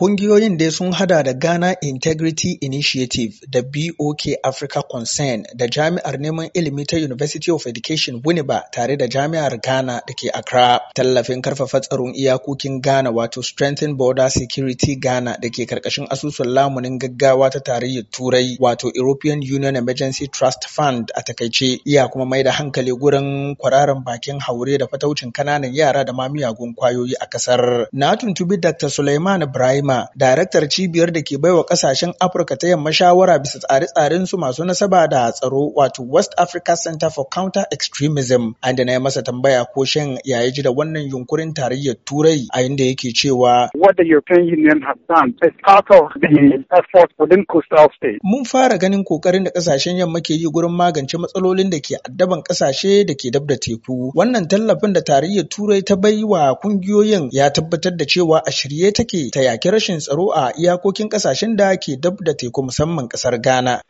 Ƙungiyoyin dai sun hada da Ghana Integrity Initiative da BOK Africa Concern da Jami'ar Neman Ilimi ta University of Education Winneba tare da Jami'ar Ghana da ke Accra. Tallafin karfafa tsaron iyakokin Ghana wato Strengthen Border Security Ghana da ke karkashin asusun lamunin gaggawa ta tarayyar Turai wato European Union Emergency Trust Fund a takaice iya kuma mai da hankali gurin kwararan bakin haure da fataucin kananan yara da ma miyagun kwayoyi a kasar. Na tuntubi Dr. Suleiman Ibrahim Fatima, daraktar cibiyar da ke baiwa kasashen Afirka ta yamma shawara bisa tsare-tsaren su masu nasaba da tsaro wato West Africa Center for Counter Extremism. An da na yi masa tambaya ko shin ya yi ji da wannan yunkurin tarayyar Turai a inda yake cewa What the European Union has done is part of the effort within coastal states. Mun fara ganin kokarin da kasashen yamma ke yi gurin magance matsalolin da ke addaban kasashe da ke dab da teku. Wannan tallafin da tarayyar Turai ta bai wa kungiyoyin ya tabbatar da cewa a shirye take ta yaki rashin tsaro a iyakokin kasashen da ke dab da teku musamman kasar Ghana.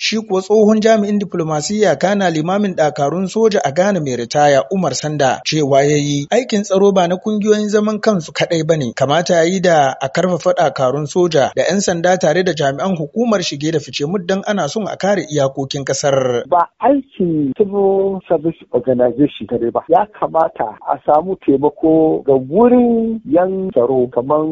Shi kuwa tsohon jami'in diplomasiyya kana limamin dakarun soja a Ghana mai ritaya Umar Sanda cewa ya yi aikin tsaro ba na kungiyoyin zaman kansu kadai bane kamata ya yi da a karfafa dakarun soja da 'yan sanda tare da jami'an hukumar shige da fice muddan ana son a kare iyakokin kasar. Ba aikin civil service organization kadai ba ya kamata a samu taimako ga wurin yan tsaro kamar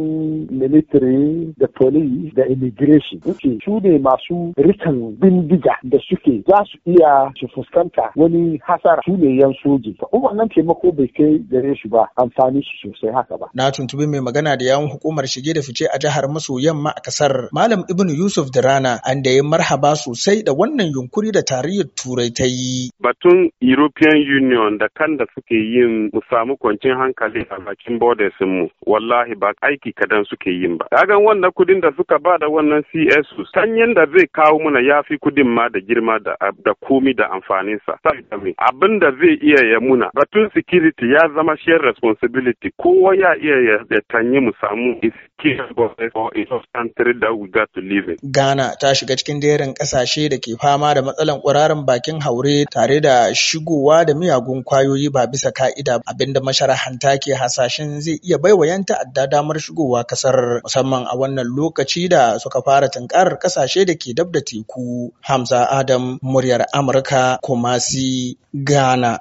military da police da immigration wuce su ne masu rikan bindiga da suke za su iya su fuskanta wani hasara su ne yan soji to wannan taimako bai kai gare shi ba amfani shi sosai haka ba na tuntubi mai magana da yawun hukumar shige da fice a jihar maso yamma a kasar malam ibn yusuf da rana an da ya marhaba sosai da wannan yunkuri da tarayyar turai ta yi batun european union da kan da suke yin mu samu kwanciyar hankali a bakin bodesinmu. mu wallahi ba aiki ka dan suke yin ba kagan wannan kudin da suka ba da wannan CSU sanyin da zai kawo mana ya fi kudin ma da girma da komi da amfanin sa abin da zai iya ya muna batun security ya zama shared responsibility kowa ya iya ya tanyi mu samu Ghana ta shiga cikin jerin ƙasashe da ke fama da matsalar kwararan bakin haure tare da shigowa da miyagun kwayoyi ba bisa ka'ida ba, abinda masharhanta ke hasashen zai iya baiwa 'yan ta'adda damar shigowa kasar musamman a wannan lokaci da suka fara tunkarar kasashe da ke dab da teku. Hamza Adam, muryar Amurka, Kumasi, Ghana.